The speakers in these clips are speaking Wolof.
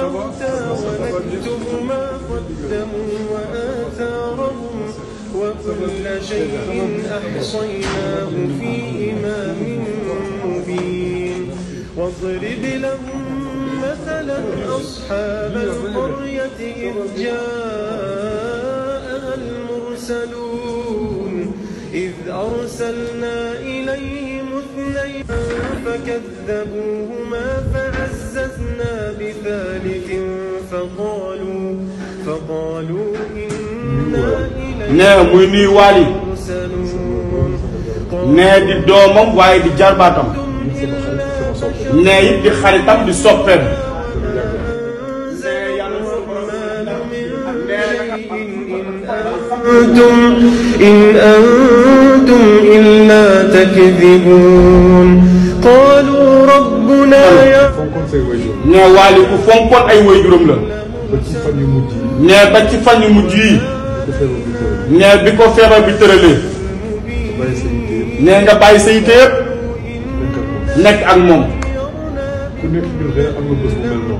الموت ونكتب ما قدموا وآثارهم وكل شيء أحصيناه في إمام مبين واضرب لهم مثلا أصحاب القرية إذ جاءها المرسلون إذ أرسلنا إليهم اثنين فكذبوهما فكذبوهما ثالث فقالوا فقالوا إنا إليكم muy nuyu Waly nee di doomam waaye di jarbaatam nee it di xaritam di soppeem إن أنتم إلا تكذبون nee waali fonkoon ay waajuram la. ba yu mujj yi. nee ba ci fan yu mujj yi. nee bi ko feebar bi tëralee. nee nga bàyyi sa yitte yëpp. nekk ak moom.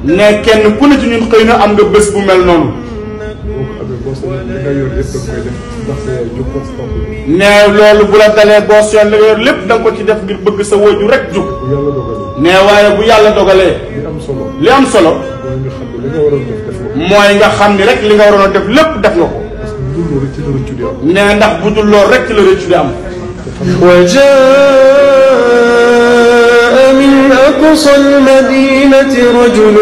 ne kenn ku ne ci ñun xëy na am nga bés bu mel noonu. ne loolu bu la dalee boo seen la yor lépp da ko ci def ngir bëgg sa wóoju rek jug. ne waaye bu yàlla dogalee. li am solo li am solo. mooy nga xam ni rek li nga waroon a def lépp def nga ko. ne ndax bu dul lool rek ci la rëccu di am. وجاء من أقصى المدينة رجل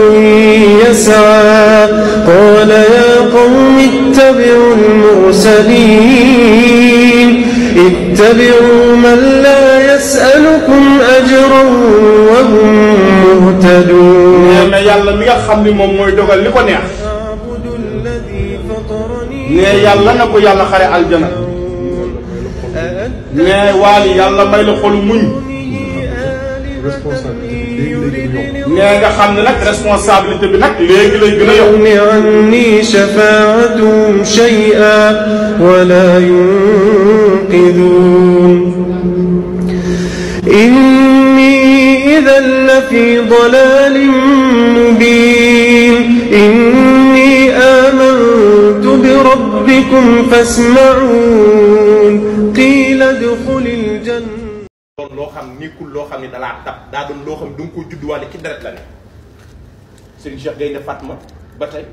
يسعى قال يا قوم اتبعوا المرسلين اتبعوا من لا يسألكم أجرا وهم مهتدون nee na yàlla mi nga xam ni moom mooy dogal li ko neex nee yàlla na ko yàlla xare aljana nee waali yàlla may la xolu muñ nee nga xam ne nag responsabilité bi nag léegi lay gën a yokku. ni anni shafaatuhum shay'an wa la yunqidun إذا لفي ضلال مبين إني آمنت بربكم فاسمعون قيل ادخل الجنة doon loo xam nekkul loo xam ne dalaa dab daa doon loo xam ne da nga koy judduwaale ci deret la ne sëriñ Cheikh Gaynde Fatma ba tey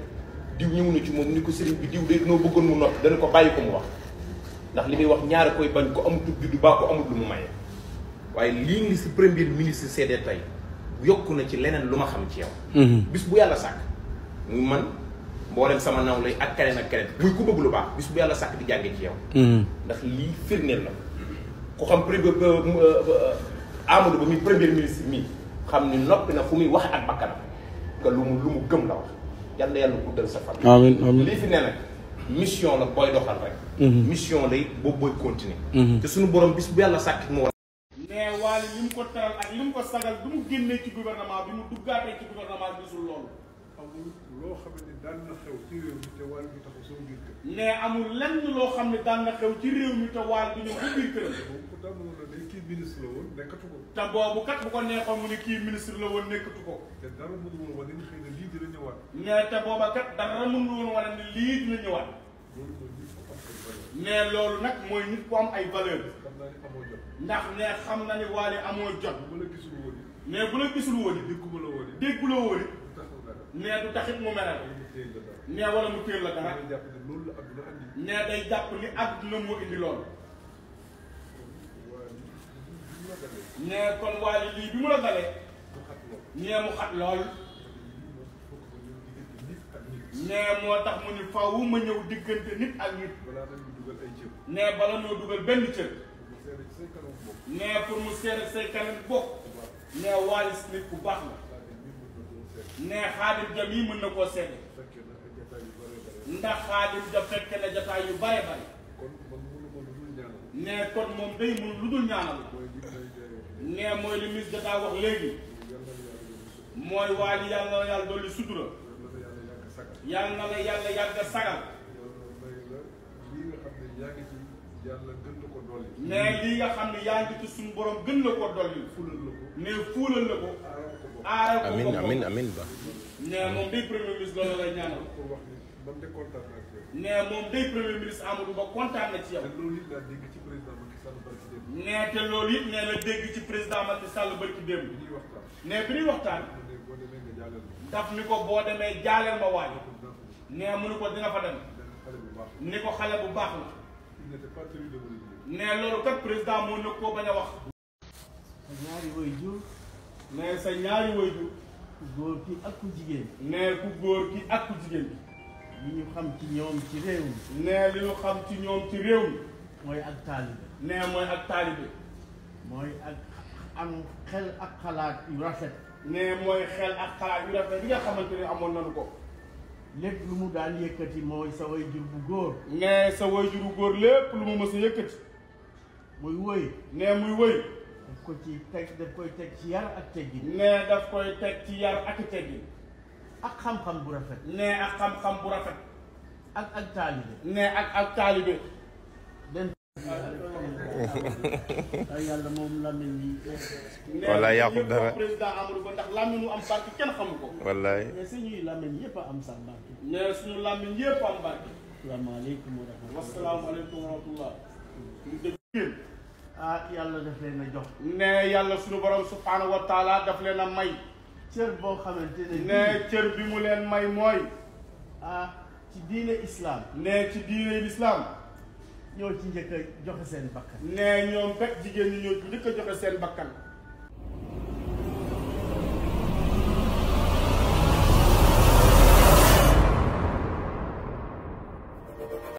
diw ñëw na ci moom ni ko sëriñ bi diw de noo bëggoon mu noppi dana ko bàyyi ko mu wax ndax li muy wax ñaari koy bañ ko amut juddu baa ko amut lu mu maye waaye lii ngi si premier ministre seede tey yokku na ci leneen lu ma xam ci yow. Mhm. bis bu yàlla sàkk muy man mboolem sama naw lay ak keneen ak keneen muy ku bëgg lu baax bis bu yàlla sàkk di jànge ci yow. Mhm. ndax lii firndeel la ku xam premier euh, euh, euh, Ba muy premier ministre mi xam ni noppi na fu muy wax ak bakkanam nga lu mu lu mu gëm la wax yal na yàlla guddal sa fan. amiin amiin lii fi ne nag mission la booy doxal rek. Mhm. mission lay boobu booy continuer. te suñu borom bis bu yàlla sàkk moo mais waali li mu ko teral ak li mu ko sagal bi mu génnee ci gouvernement bi mu duggaatee ci gouvernement bi gisul loolu. amul loo xam ne daan na xew ci réew mi te waal bi taxaw sama biir kër. mais amul lenn loo xam ne daan na xew ci réew mi te waal bi ko daan woon ne kii ministre la woon nekkatu ko. te boobu bu ko neexoon mu ne kii ministre la woon nekkatu ko. te dara mënul woon wane ni lii dina ñëwaat. mais te booba kat dara mënul woon wane ni lii dina ñëwaat. mais loolu nag mooy nit ku am ay valeur ndax ne xam na ni waale amoo jot mais bu la gisul woon it déggula woon it mais du taxit mu mere mais wala mu téel la dara mais day jàpp ni àdduna moo indi loolu mais kon waale lii bi mu la dalee mais mu xat lool nee moo tax mu ni faaw ma ñëw diggante nit ak nit. nee bala ñoo dugal benn cër. nee pour mu seere say kanam bokk. nee waalis nit ku baax la. nee xaadim jam yi mën na koo seede. ndax xaadim ja fekk na jataay yu bare bare. nee kon moom day mun lu dul ñaanal. nee mooy li mis jataa wax léegi. mooy waa ji yàlla yàlla dolli sutura. yàlla na la yàlla yàgg sagal. yàlla gën la ko dolli. mais lii nga xam ne yaa ngi ci suñu borom gën la ko dolli. fuulal la ko mais fuulal la ko. aaral ko amiin amiin amiin ba. mais moom bii premier ministre loolu la ñaanal. man de kontaan naa ci yow. nee moom day premier ministre Amadou Ba kontaan na ci yow. te loolu it laa dégg ci président Macky Sall barki démb. nee te loolu it nee na dégg ci président Macky Sall barki démb. bi ñuy waxtaan. nee bi ñuy waxtaan. daf ni ko boo demee jaaleel ma waaj. nee mu ni ko dina fa dem. ni ko xale bu baax la. nee loolu kat président moo nekk koo bañ a wax. sa ñaari waajur. nee sa ñaari waajur. góor ki ak ku jigéen. nee ku góor ki ak ku jigéen bi. li ñu xam ci ñoom ci réew mi. nee li ñu xam ci ñoom ci réew mi. mooy ak taalibe. nee mooy ak taalibe. mooy ak am xel ak xalaat yu rafet. ne mooy xel ak xalaat yu rafet yi nga xamante ne amoon nañu ko. lépp lu mu daan yëkkati mooy sa way jur bu góor. nee sa way jur bu góor lépp lu mu mës a yëkkati. muy wëy. nee muy wëy. daf ko ci teg daf koy teg ci yar ak teggin. nee daf koy teg ci yar ak teggin. ak xam-xam bu rafet. nee ak xam-xam bu rafet. ak ak taalibe. nee ak ak taalibe. yàlla moom lamin wi. wallaay yàqu dara président Amadou Ba ndax lamin wu am barke kenn xamu ko. wallaay. mais suñuy lamin yëpp a am sax barke. mais suñu lamin yëpp am barke. salaamaaleykum wa rahmatulah. wasalaamualeykum wa rahmatulah. ah yàlla daf leen a jox. nee yàlla suñu borom subhaanahu wa taala daf leen a may. cër boo xamante ne. ne cër bi mu leen may mooy. ah ci diine islam. ne ci diine islam. ñoo ci njëkk a joxe seen bakkan. ne ñoom kat jigéen ñi ñoo ci njëkk joxe seen bakkan.